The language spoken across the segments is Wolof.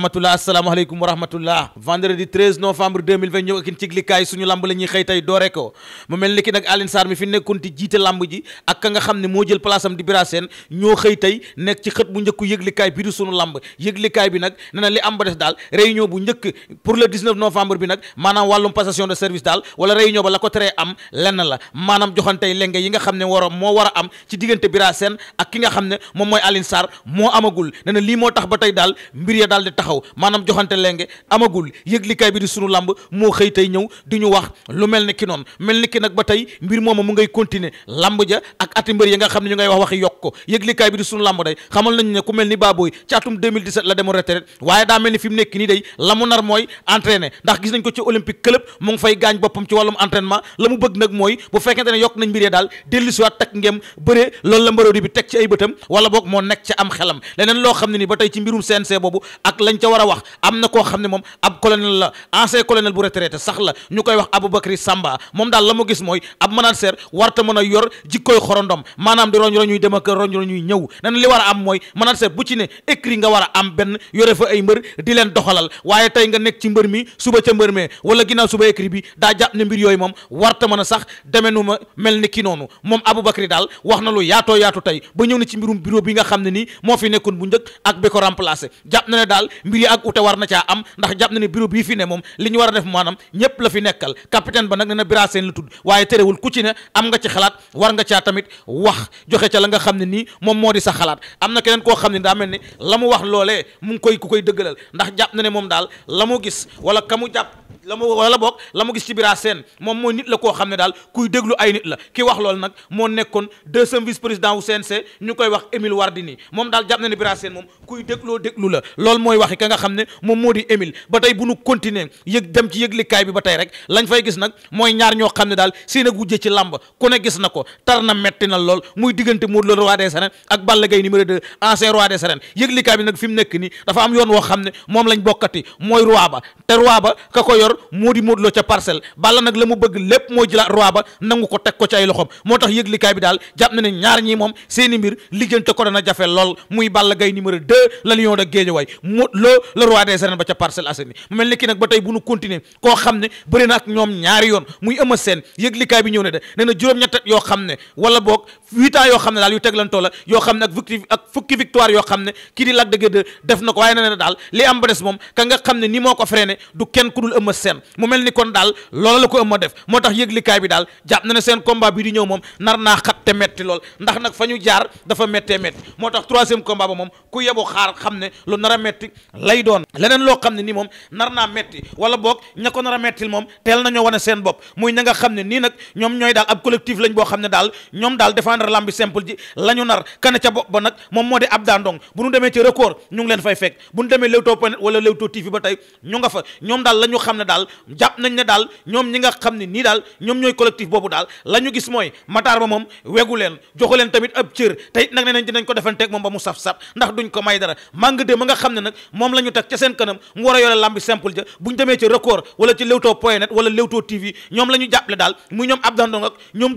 rahmatullah wa la ñuy xëy tey doore ko mu mel ni ki nag Alioune Sarr mi fi nekkoon di bi na li ba réunion bu njëkk pour le 19 novembre bi nag maanaam wàllum passation de service daal wala réunion ba la ko teree am lenn la maanaam joxantey lenge yi nga xam ne war moo war a am ci diggante Bira Sène ak ki nga xam ne moom mooy Alioune moo amagul ne lii moo tax ba tey daal mbir ya daal di taxaw taxaw amagul yëglikaay bi di sunu lamb moo xëy tey ñëw di ñu wax lu mel ni ki noonu mel ni ki nag ba tey mbir mooma mu ngay continuer lamb ja ak ati mbër yi nga xam ne ñu ngay wax waxi yokk ko yëglikaay bi di sunu lamb day xamal nañu ne ku mel ni baabooy ci atum 2017 la demoon retraite waaye daa mel ni fi mu nii day la mu nar mooy entraîner ndax gis nañ ko ci olympique club mu ngi fay gaañ boppam ci wàllum entraînement la mu bëgg nag mooy bu fekkente ne ca war a wax am na koo xam ne moom ab colonel la ancien colonel bu retraité sax la ñu koy wax Aboubacry Samba moom daal la mu gis mooy ab manager warta mën a yor jikkooy xorondom maanaam di roñ roñuy dem ak roñ roñuy ñëw nan li war a am mooy manager bu ci ne écrit nga war a am benn yore fa ay mbër di leen doxalal waaye tey nga nekk ci mbër mi suba ca mbër mee wala ginnaaw suba écrit bi daa jàpp ne mbir yooyu moom war ta mën a sax demenu ma mel ni ki noonu moom Aboubacry daal wax na lu yaatoo yaatu tey ba ñëw na ci mbirum bureau bi nga xam ne nii moo fi nekkoon bu njëkk ak bi ko remplacé jàpp na daal mbir yi ak ute war na caa am ndax jàpp na ne bureau bii fi ne moom li ñu war a def maanaam ñépp la fi nekkal capitaine ba nag ne na Bira Sène la tudd waaye terewul ku ci ne am nga ci xalaat war nga caa tamit wax joxe ca la nga xam ne nii moom moo di sa xalaat am na keneen koo xam ne daa mel ni la mu wax loole mu ngi koy ku koy dëggalal ndax jàpp na ne moom daal la mu gis wala ka mu jàpp la mu wala boog la mu gis ci Bira Sène moom mooy nit la koo xam ne daal kuy déglu ay nit la ki wax loolu nag moo nekkoon deuxième vice président wu CNC ñu koy wax Émile Wardini moom daal jàpp na ne Bira Sène moom kuy dégloo déglu la lool mooy waxi ka nga xam ne moom moo di Émile ba tey bu nu continuer yëg dem ci yëglikaay bi ba tey rek lañ fay gis nag mooy ñaar ñoo xam ne daal seen ak wujje ci làmb ku ne gis na ko tar na metti na lool muy diggante Modou Lo roi des arènes ak Balla Gaye numéro 2 ancien roi des arènes yëglikaay bi nag fi mu nekk nii dafa am yoon woo xam ne moom lañ bokkati mooy roi ba yor moo di Modou Lo ca parcelle Balla nag la mu bëgg lépp mooy jëlaat roi ba nangu ko teg ko ci ay loxoom moo tax yëglikaay bi daal jàpp na ñaar ñii moom seeni mbir liggante ko dana jafe lool muy Balla Gaye numéro 2 la lion de Guédiawaye Modou Lo le roi des arènes ba ca Parcelles Assainies mu mel ni ki nag ba tey bu nu continuer koo xam ne bëri na ak ñoom ñaari yoon muy Eumeu Sène yëglikaay bi ñëw ne de nee juróom-ñett yoo xam ne wala boog huit ans seen mu mel ni kon daal loola la ko ëmma def moo tax kaay bi daal jàpp na ne seen combat bi di ñëw moom nar naa te metti lool ndax nag fa ñu jaar dafa méttee métti moo tax troisième combat ba moom ku yebu xaar xam ne lu nar a métti lay doon leneen loo xam ne nii moom nar naa métti wala boog ña ko nar a moom teel nañoo wane seen bopp muy ña xam ne nii nag ñoom ñooy daal ab collectif lañ boo xam ne daal ñoom daal défendre lambi simple ji la ñu nar kana ca bopp ba nag moom moo di ab daandong bu ñu demee ci record ñu leen fay fekk bu ñu demee Leewtoo point wala Leewtoo TV ba tey ñu fa ñoom daal la ñu xam ne daal jàpp nañ ne daal ñoom ñi nga xam ne nii daal ñoom ñooy collectif boobu daal la ñu gis mooy Matar ba moom wegu leen joxu leen tamit ab cër te it nag ne nañ dinañ ko defanteeg moom ba mu saf-saf ndax duñ ko may dara màng de ma nga xam ne nag moom la ñu teg seen kanam mu war a yore lambi simple ja buñ demee la ñu jàppale daal muy ñoom ab dandong ak ñoom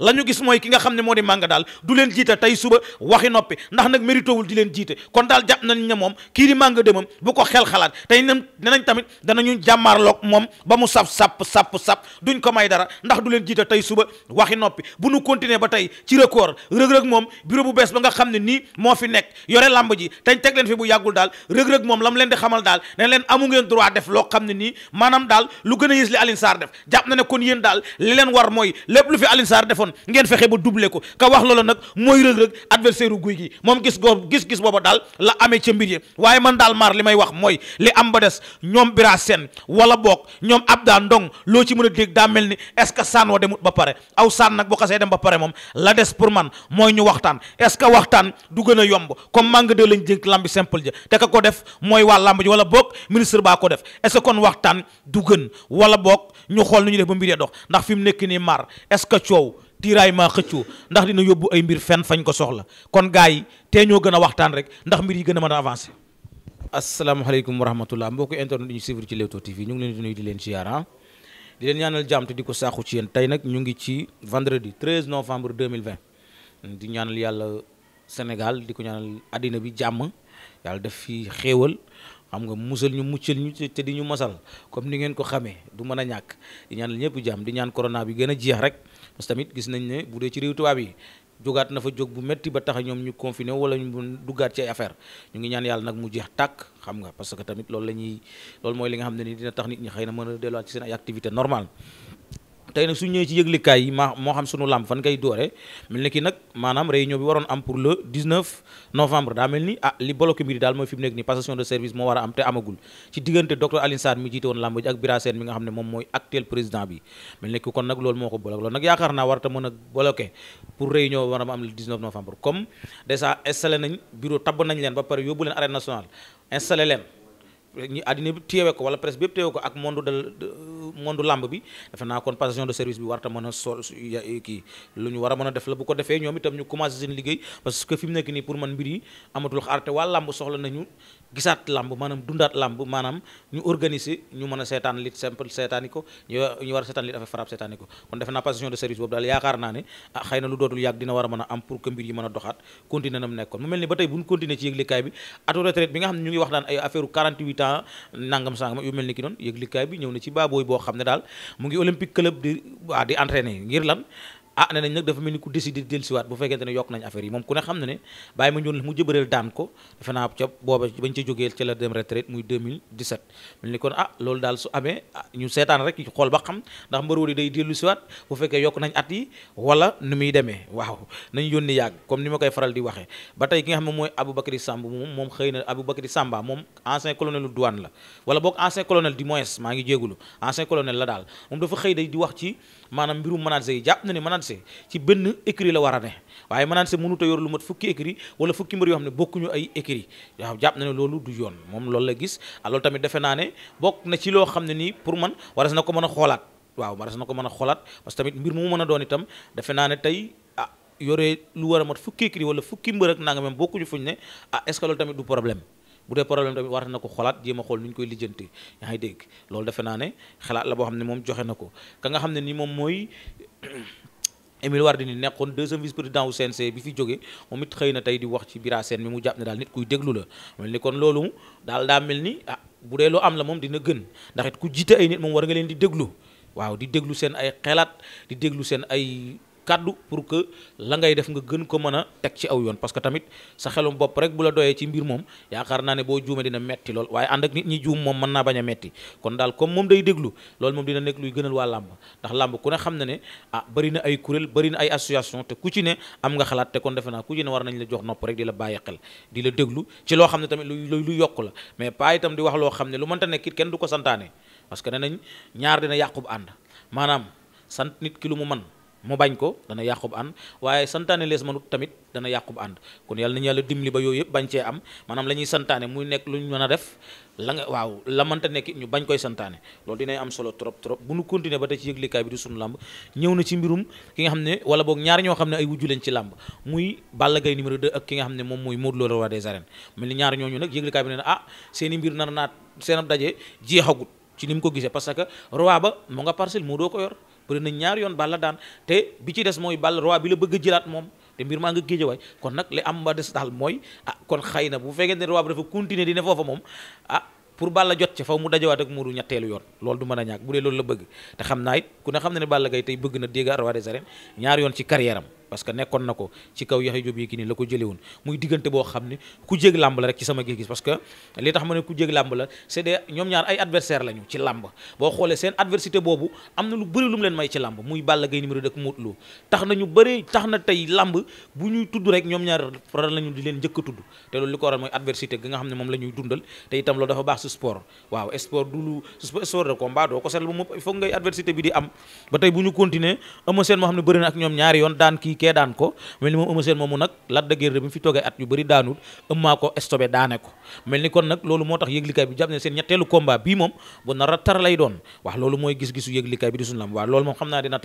la gis mooy ki nga xam ne moo di màng daal du leen jiite tey suba waxi noppi ndax nag méritowul di leen jiite kon daal jàpp nañ ne moom kii di màng de moom bu ko xel xalaat tey nem nenañ tamit danañu jàmmaarloog moom ba mu saf sap sap sap duñ ko may dara ndax du leen jiite tey suba waxi noppi bu nu continuer continuer ba tey ci record rëg-rëg moom bureau bu bees ba nga xam ne nii moo fi nekk yore lamb ji teñ teg leen fi bu yàggul daal rëg-rëg moom lam leen di xamal daal ne leen amu ngeen droit def loo xam ne nii maanaam daal lu gën a yées li Alioune Sarr def jàpp na ne kon yéen daal li leen war mooy lépp lu fi Alioune Sarr defoon ngeen fexe ba doubler ko ka wax loola nag mooy rëg-rëg adversaire guy gi moom gis goo gis-gis booba daal la amee ca mbir yi waaye man daal maar loo ci mën a dégg daa mel ni est-ce que saan wa demut moom la des pour man mooy ñu waxtaan est-ce que waxtaan du gën a yomb comme manque de lañ jënk lambi simple ja te ka ko def mooy waa lamb ji wala boog ministre baa ko def est-ce que kon waxtaan du gën wala boog ñu xool nu ñu def ba mbir ya dox ndax fi mu nekk nii mar est-ce que coow tiiraay maa xëccoo ndax dina yóbbu ay mbir fenn fañ ko soxla kon gars yi tee ñoo gën waxtaan rek ndax mbir yi gën a mën a avancer. asalaamaaleykum wa di leen ñaanal jàmm te di ko saaxu ci yéen tey nag ñu ngi ci vendredi 13 novembre 2020 di ñaanal yàlla Sénégal di ko ñaanal àddina bi jàmm yàlla def fi xéewal xam nga musal ñu muccal ñu te di ñu masal comme ni ngeen ko xamee du mën a ñàkk di ñaanal ñëpp jàmm di ñaan corona bi gën a jeex rek parce tamit gis nañ ne bu dee ci réew tubaab yi jógaat na fa jóg bu métti ba tax ñoom ñu confiné wala ñu duggaat ci ay affaire ñu ngi ñaan yàlla nag mu jeex tàkk xam nga parce que tamit loolu la ñuy loolu mooy li nga xam ne ni dina tax nit ñi xëy na mën a delluwaat ci seen ay activité normale tey nag su ñëwee ci yëglikaay yi moo xam sunu làmb fan ngay doore mel ni nag maanaam réunion bi waroon am pour le 19 novembre daa mel ni ah li bloqué mbir daal mooy fi mu nekk ni passation de service moo war a am te amagul ci diggante docteur Alioune Sarr jiite woon làmb ak Bira mi nga xam ne moom mooy actuel président bi mel ni kon nag loolu moo ko bloqué loolu nag yaakaar naa warata mën a bloqué pour réunion war a am le 19 novembre monde lamb bi defe naa kon de service bi warta mën a sol eh, kii lu ñu war mën a def la bu ko defee ñoom itam ñu commencé seen liggéey parce que fi nekk nii pour man mbir yi amatul xaarte waa lamb soxla nañu gisaat lamb maanaam dundaat lamb maanaam ñu organiser ñu mën a seetaan lit simple seetaani ko ñu war seetaan lit affaire frappe seetaani ko kon defe naa passation de service boobu daal yaakaar naa ne ah na lu dootul yàgg dina war xam ne daal mu ngi olympique club di waa di entraîner ngir lan ah ne nañ nag dafa mel ni ku décidé dellusiwaat bu fekkente ne yokk nañ affaire yi moom ku ne xam na ne bàyyi ma njoon mu ni kon ah loolu daal su amee ah, ñu seetaan rek xool ba xam ndax mbërwóor yi day dellusiwaat bu fekkee yokk nañ at yi wala nu muy demee waaw nañ yónni yàgg comme ni ma koy faral di waxee ba tey ki nga xam ne mooy Aboubacry Samb moom moom xëy colonel douane la wala boog ancien colonel du moins maa ngi jéegulu ancien colonel la daal Sensé ci benn écrit la war a ne waaye Manane Sène mënut a yor lu mat fukki écrit wala fukki mbër yoo xam ne bokkuñu ay écrit waaw jàpp na ne loolu du yoon moom loolu la gis ah na ci loo xam ne nii pour a xoolaat waaw waras ko mën a a doon itam ah a ak nanga ah tamit du problème bu dee problème tamit war na ko xolaat jéem a xool nu ñu koy lijjante yaa dégg loolu defe naa ne xalaat la boo xam ne moom joxe na ko ka nga xam ne ni moom mooy Émile Wardini nekkoon deuxième vice président wu CNC bi fi jóge moom it xëy na tey di wax ci Bira Sène mi mu jàpp ne daal nit kuy déglu la mel ni kon loolu daal daa mel ni ah bu dee lu am la moom dina gën ndaxit ku jiite ay nit moom war nga leen di déglu waaw di déglu seen ay xelaat di déglu seen ay kàddu pour que la ngay nga gën ko mën a teg ci aw yoon parce que tamit sa xelum bopp rek bu la doyee ci mbir moom yaakaar naa ne boo juumee dina metti waaye ànd ak nit ñi juum moom mën naa a metti kon daal comme moom day déglu loolu moom dina nekk luy gënal waa làmb ndax làmb ku ne xam na ne ah bëri na ay kuréel bëri na ay association te ku ci ne am nga xalaat te kon defe naa ku ci ne war nañ la jox nopp rek di la bàyyi xel di la déglu ci loo xam ne tamit lu lu yokk la mais pas itam di wax loo xam ne lu mënta nekk it kenn du ko santaane parce que nañ ñaar dina bu ànd maanaam sant nit ki lu mu man mu bañ ko dana yàqub ànd waaye santaane lees mënut tamit dana yàqub ànd kon yàlla nañu yàlla dimbali ba yooyu yëpp bañ cee am maanaam la ñuy santaane muy nekk lu ñu mën a def la nga waaw la mënta nekk ñu bañ koy santaane loolu dinay am solo trop trop bu nu continuer ba tey ci yëglikaay bi di sunu làmb ñëw na ci mbirum ki nga xam ne wala boog ñaar ñoo xam ne ay wujju lañ ci làmb muy Balla Gaye numéro 2 ak ki nga xam ne moom mooy Modou Lo roi des arènes mel ni ñaar ñooñu nag yëglikaay bi ne ah seen i mbir nar naat seen ab daje jeexagut ci ni mu ko gisee parce que roi ba mu nga parcelle moo doo ko yor bëri na ñaari yoon Balla daan te bi ci des mooy Balla roi bi la bëgg a jëlaat moom te mbir maa nga géejawaay kon nag li am ba des daal mooy ah kon xëy na bu fekkee ne roi bi dafa continuer di ne foofa moom ah pour Balla jot ca faw mu dajawaat ak Modou ñetteelu yoon loolu du mën a ñàkk bu dee loolu la bëgg te xam naa it ku ne xam na ne Balla gay tey bëgg na dégg roi des arènes ñaari yoon ci carrière am parce que nekkoon na ko ci kaw Yaxya Jóob Yékini la ko jëlee woon muy diggante boo xam ne ku jéeg làmb la c'est des ñoom ñaar ay adversaire lañu ci làmb boo xoolee seen adversité boobu am na lu bëri lu mu leen may ci làmb muy Balla Gaye numéro dëkk a ko moom la dundal te itam loolu dafa baax su sport waaw sport du lu sport de combat doo ko seetlu moom il faut ngay adversité bi di am ba tey bu ñu continuer Eumeu moo xam ne bëri ak ñoom ñaari yoon kii kee daan ko mel ni moom Eumeu Sène moomu nag Lac de bi mu fi toogee at yu bëri daanut ëmmaa ko stopé daane ko mel ni kon nag loolu moo tax yëglikaay bi jàpp ne seen ñetteelu combat bii moom bu loolu mooy gis-gisu yëglikaay bi di suñu lam waaw loolu moom xam naa dina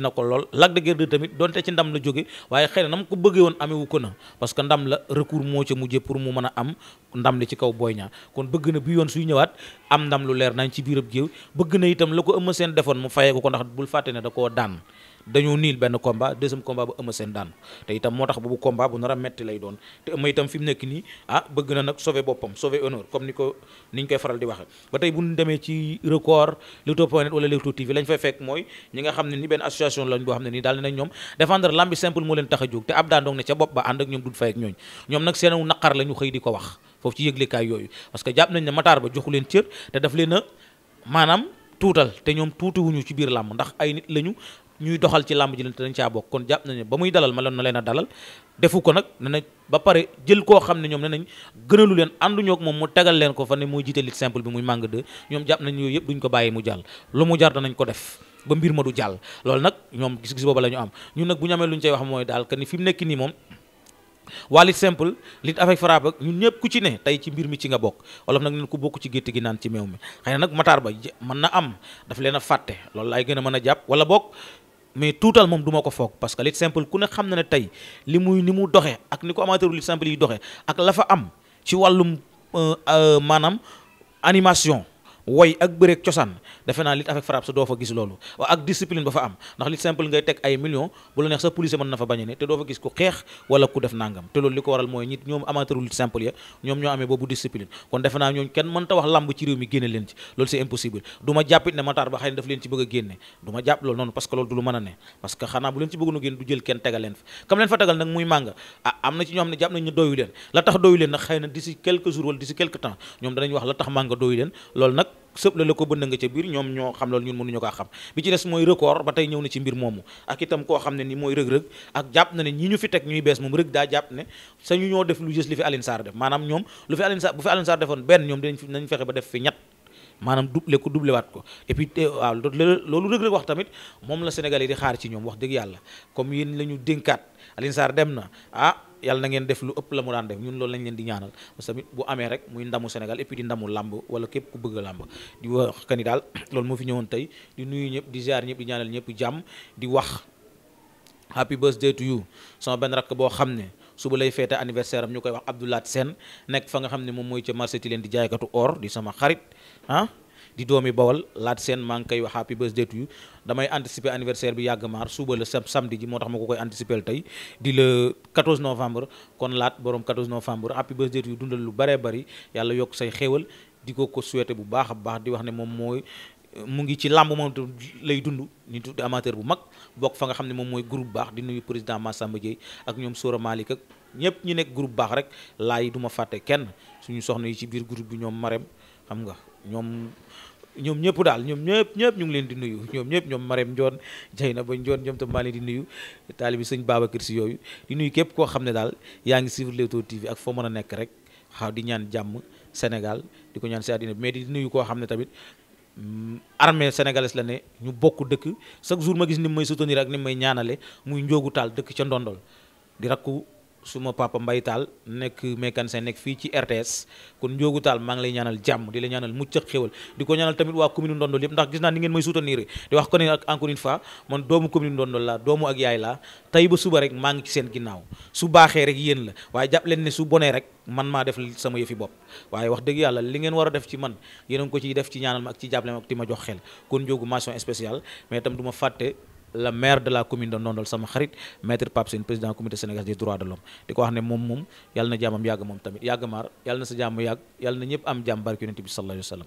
na ko lool Lac de Guiers tamit donte ci ndam la jóge waaye xëy na na mu ko bëggee woon amewu ko na parce que ndam la recours moo ca mujjee pour mu mën a am ndam li ci kaw Boy Niang kon bëgg na bi yoon suy ñëwaat am ndam lu leer nañ ci biirab géew bëgg na itam la ko Eumeu Sène defoon mu fayee ko ndax bul fàtte ne da koo daan dañoo niil benn combat deuxième combat ba Eumeu Sène daan te itam moo tax boobu combat bu nar a metti lay doon te Eumeu itam fi mu nekk nii ah bëgg na nag sove boppam sauver honneur comme ni ko ni ñu koy di waxe ba tey bu demee ci record Leewtoo point lañ fay fekk mooy ñi nga xam ne ni benn association lañ boo xam ne nii daal nañ ñoom défendre lambi simple moo leen tax a jóg te ab daan doon ne ca bopp ba ànd ak ñoom dul fay ak ñooñ ñoom nag seenu naqar la ñu xëy di ko wax foofu ci yëglekaay yooyu parce jàpp nañ ne Matar Ba joxu leen maanaam tuutal te ñoom tuutiwuñu ci biir làmb ndax ay nit lañu ñuy doxal ci làmb ji leen te dañ caa bokk kon jàpp nañu ba muy dalal ma leen na leen a dalal defu ko nag ne nañ ba pare jël koo xam ne ñoom ne nañ gënalu leen ànduñoo moom mu tegal leen ko fa ne mooy jiite lit simple bi muy màng de ñoom jàpp nañ yooyu yëpp duñ ko bàyyi mu jàll lu mu jar danañ ko def ba mbir ma du jàll loolu nag ñoom gis-gis booba la ñu am ñun nag bu ñamee luñ lu wax mooy daal que ni fi mu nekk nii moom waa lit simple lit avec frappe ak ñun ñëpp ku ci ne tey ci mbir mi ci nga bokk wolof nag neen ku bokk ci gétt gi naan ci meew mi xëy na nag mataar ba mën na am daf leen a fàtte loolu laay gën a mën a jàpp wala bokk mais tuutal moom du ma ko foog parce que lutte simple ku ne xam na tay li muy ni mu doxee ak ni ko amateur lutte simple yi doxee ak lafa am ci wàllum euh, euh, maanaam animation woy ak bëreek cosaan defe naa lutte avec frappe sa doo fa gis loolu ak discipline ba fa am ndax lutte simple ngay teg ay millions bu la neex sa police mën na fa bañ ne te doo fa gis ku xeex wala ku def nangam te loolu li ko waral mooy ñit ñoom amateuru lutte simple ya ñoom ñoo amee boobu discipline kon defe naa ñooñ kenn mën wax lamb ci réew mi génne leen ci loolu c'est impossible du jàppit ne Matar Ba xëy na daf leen ci bëgg a génne du ma jàpp loolu noonu a ne a sëb la la ko bënd nga ca biir ñoom ñoo xam loolu ñun mënuñu kaa xam bi ci des mooy record ba tey ñëw na ci mbir moomu ak itam koo xam ne ni mooy rëg-rëg ak jàpp na ne ñi ñu fi teg ñuy bees moom rëg daa jàpp ne sañu ñoo def lu jës li fi Alioune def maanaam ñoom lu fi Alioune Sarr bu fi Alioune Sarr defoon benn ñoom dinañ fexe ba def fi ñett maanaam doublé ko doublé waat ko et waaw loolu rëg-rëg wax tamit moom la Sénégalais yi di xaar ci ñoom wax dëgg yàlla comme yéen la ñu dénkaat Alioune Sarr dem na ah yàlla na ngeen def lu ëpp la mu daan def ñun loolu lañ leen di ñaanal parce que tamit bu amee rek muy ndamu Sénégal et puis di ndamu làmb wala képp ku bëgg a làmb di wax que ni daal loolu moo fi ñëwoon tey di nuyu ñëpp di ziar ñëpp di ñaanal ñëpp jàmm di wax happy birthday to you sama benn rakk boo xam ne suba lay feete anniversaire am ñu koy wax Abdoulaat seen nekk fa nga xam ne moom mooy ca marché ti leen di jaaykatu or di sama xarit ah di doomi bawal laat seen maa ngi koy wax happy birthday to you damay anticiper anniversaire bi yàgg maar suba la sam samedi ji moo tax ma ko koy anticiper tey di le 14 novembre kon laat borom 14 novembre happy birthday yu you dundal lu bare bëri yàlla yokk say xéewal di ko ko souhaiter bu baax a baax di wax ne moom mooy mu ngi ci làmb moom lay dund ni tudd amateur bu mag bokk fa nga xam ne moom mooy groupe baax di nuyu président Massamba Dieye ak ñoom Sora Malick ak ñëpp ñu nekk groupe baax rek laay du fàtte kenn suñu soxna yi ci biir groupe bi ñoom Marème xam nga ñoom ñoom ñëpp daal ñoom ñëpp ñëpp ñu ngi leen di nuyu ñoom ñëpp ñoom Marème Ndione jay na ba Ndione ñoom tam maa di nuyu taalibi sëñ Babacar si yooyu nuyu képp koo xam ne daal yaa ngi suivre Leewtoo TV ak foo a nekk rek di ñaan jàmm Sénégal di ko ñaan si àddina mais di nuyu koo xam ne tamit mm, armée sénégalaise la ne ñu bokk dëkk chaque jour ma gis ni may soutenir ak ni may ñaanale muy njoogu taal dëkk ca ndondol di rakku suma papa Mbaye Tall nekk mécanicien nekk fii ci RTS kon Ndiogou taal maa ngi lay ñaanal jàmm di la ñaanal mucc ak xéwal di ko ñaanal tamit waa commune Ndondol yëpp ndax gis naa ni ngeen may soutenir di wax ko ne encore une fois doomu la doomu ak yaay la tey ba suba rek maa ngi ci seen ginnaaw su baaxee rek yéen la waaye jàpp leen ne su bonee rek man maa def sama yëfi bopp waaye wax dëgg yàlla li ngeen war a def ci man yéen ko ciy def ci ñaanal ma ak ci jàppale ma ak di ma jox xel kon Ndiogou ma fàtte le maire de la commune de Ndondol sama xarit maître Pape Sène président comité sénégalais des droits de l'homme di ko wax ne moom moom yàlla na jàmmam yàgg moom tamit yàgg maar yàlla na sa jàmm yàgg yàlla na ñëpp am jàmm barke yonent bi sallallahu alayhi wa